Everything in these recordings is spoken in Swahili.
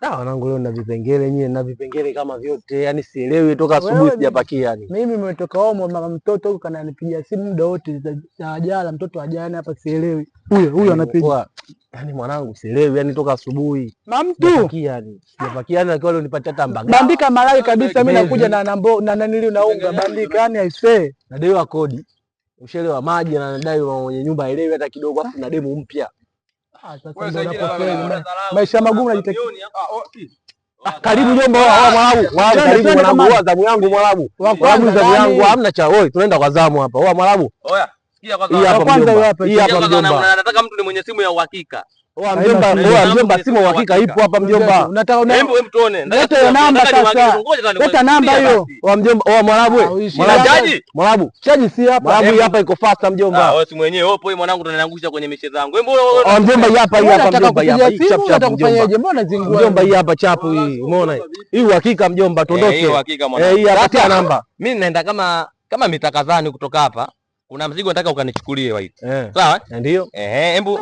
Da, wanangu leo na vipengele nyie na vipengele kama vyote. Yaani sielewi toka asubuhi sijapakia yani. Mimi nimetoka home mama mtoto huko kananipigia simu muda wote za ajala mtoto ajana hapa sielewi. Huyo huyo anapiga. Yani mwanangu sielewi yani toka asubuhi. Mamtu. Sijapakia yani. Sijapakia yani akiwa leo nipatia hata mbaga. Bandika malai kabisa mimi nakuja na nambo na nanili na unga bandika yani aisee. Nadaiwa kodi. Ushelewa maji na nadai mwenye nyumba elewi hata kidogo afu na demu mpya. Ah, maisha magumu najitakia. Ah, oh, ah, oh, karibu jomba, mwanangu, zamu yangu mwanangu, zamu yangu, hamna cha oi, tunaenda kwa zamu hapa kwa kwanza hapa mjomba, nataka mtu ni mwenye simu ya uhakika Mjomba, mjomba, simu uhakika ipo hapa mjomba. Leta namba sasa, leta namba hiyo wa mjomba, wa Mwarabu, Mwarabu chaji si hapa, Mwarabu hapa iko fasta mjomba. Ah, wewe si mwenyewe upo, wewe mwanangu, unaniangusha kwenye michezo yangu. Wewe mjomba, hii hapa, hii hapa mjomba, hii hapa chap chap mjomba. Mbona zingua mjomba, hii hapa chapu hii, umeona hii uhakika mjomba, tuondoke. Eh, hii uhakika mwanangu, eh, hii hapa namba. Mimi naenda kama kama mitakadhani kutoka hapa kuna mzigo nataka ukanichukulie White. Eh. Sawa? Eh, ndio. Ehe, hebu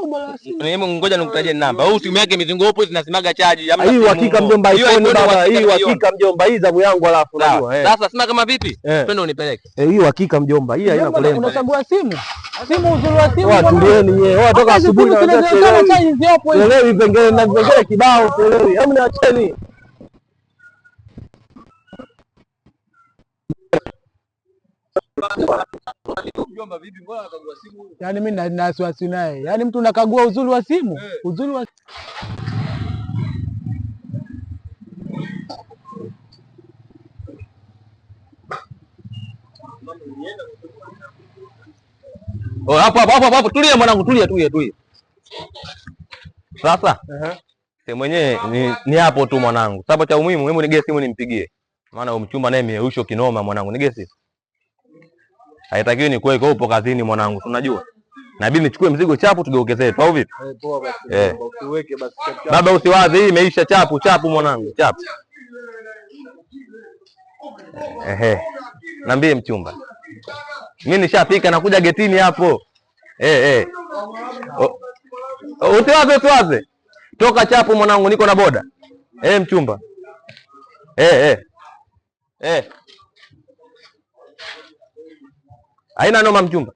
hebu ngoja nikutajie namba. Huu simu yake mizingo hapo zinasimaga chaji. Hii hakika mjomba iPhone baba, hii hakika mjomba hii zamu yangu alafu najua. Eh. Sasa sima kama vipi? Eh. Twende unipeleke. Eh, hii hakika mjomba, hii haina kulemba. Unachagua simu? Simu uzuri wa simu. Watu wenu nyewe. Wao toka asubuhi na wao. Leo vipengele na vipengele kibao, leo. Hebu niacheni. Yaani mi na naye, yani mtu nakagua uzuri wa simu hey. Eh. uzuri wa oh, hapo hapo hapo, tulia mwanangu, tulia tulia tulia. Sasa si e, mwenyewe ni hapo tu mwanangu, sababu cha umuhimu, hebu nigee simu nimpigie, maana umchumba naye mieusho kinoma mwanangu, nigee simu Haitakiwi ni kuweka upo kazini mwanangu, tunajua. Nabidi nichukue mzigo chapu tugeuke zetu au vipi? Eh, poa basi. Eh. Baba usiwaze hii imeisha chapu chapu mwanangu, chapu. Ehe. Niambie mchumba. Mimi nishafika nakuja getini hapo. Eh eh. Usiwaze usiwaze. Toka chapu mwanangu, niko na boda. Eh mchumba. Eh eh. Eh. Haina noma mjumba.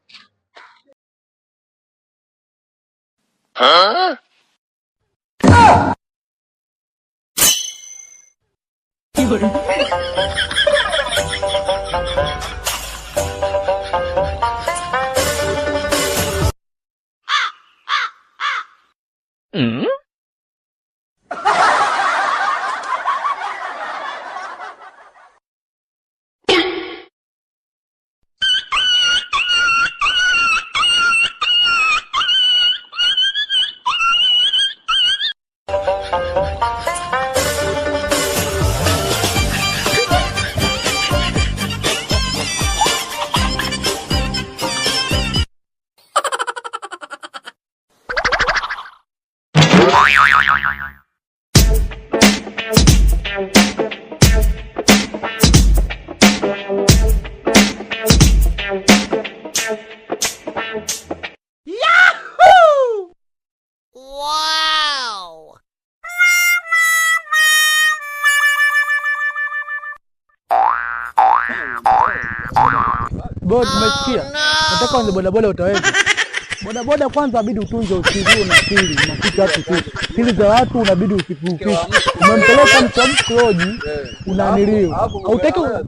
Mm? Bo, tumesikia. Oh, Nataka wanze bodaboda utaweza bodaboda kwanza abidi utunze usiju na pili na kitu pili za watu unabidi usifukishi. Umempeleka mtu mtu loji unaanilio hautaki eh, ah,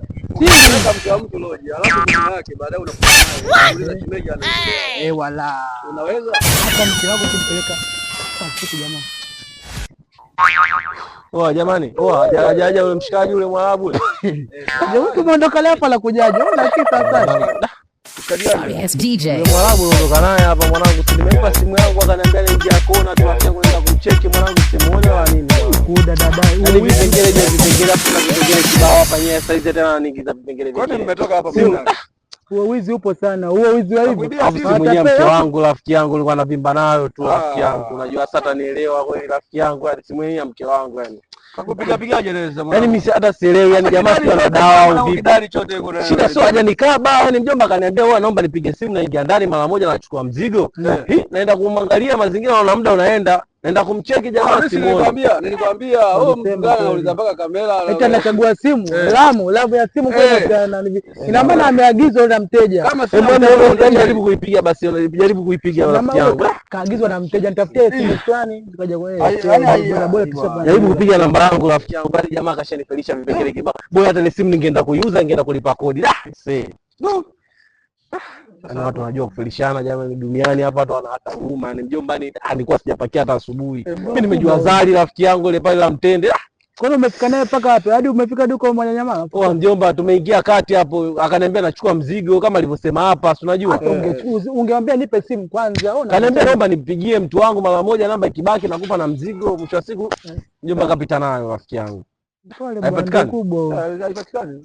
Oa jamani, oa hajaja Mwarabu Tumeondoka leo hapa la kujaja. Una kitu Mwarabu ondoka naye hapa mwanangu, nimempa simu yangu akaniambia ni njia kona, tunatia kwenda kumcheki mwanangu, simuone wa nini yaani vipengele vya vipengele, kuna vipengele kibao hapa, yeye saizi tena anaingiza vipengele vya huo wizi upo sana. Huo wizi wa hivyo. Mwenyewe mke wangu rafiki yangu nilikuwa napimba nayo tu ah. rafiki yangu. Unajua sasa atanielewa kweli rafiki yangu yani si mwenyewe mke wangu yani. Kakupiga aje leo sasa. Yani mimi hata sielewi yani jamaa si ana dawa au vipi. Shida sio haja nikaba, yani mjomba kaniambia wewe naomba nipige simu naingia ndani mara moja nachukua mzigo. Eh. Hii naenda kumwangalia mazingira na muda unaenda. Naenda kumcheki ah, jamaa simu. Nilikwambia, nilikwambia wewe oh, mgana unauliza mpaka kamera. Eti anachagua simu, lamu, eh. lamu ya simu kwa sababu mgana hivi. Ina maana ameagizwa na mteja. Kama sio simu unajaribu kuipiga basi unajaribu kuipiga rafiki yangu. Kaagizwa na mteja nitafutie simu fulani nikaja kwa yeye. Bora bora tusema. Jaribu kupiga namba yangu rafiki yangu bali jamaa kashanifelisha vipekele kibao. Bora hata ni simu ningeenda kuiuza ningeenda kulipa kodi. Ah, See. No. Yaani watu wanajua kufilishana jamani duniani hapa watu wana hata huruma. Yaani mjombani alikuwa ah, sijapakia hata asubuhi. Eh, Mimi nimejua zali rafiki yangu ile pale la mtende. Ah! Kwa nini umefika naye paka hapo? Hadi umefika duka mwana nyama? Poa oh, mjomba, tumeingia kati hapo. Akaniambia nachukua mzigo kama alivyosema hapa, si unajua. Eh. Ungeambia nipe simu kwanza. Ona. Kaniambia naomba nimpigie mtu wangu mara moja, namba ikibaki nakupa na mzigo. Mwisho wa siku eh. mjomba kapita nayo rafiki yangu. Pole bwana kubwa. Ah, haipatikani.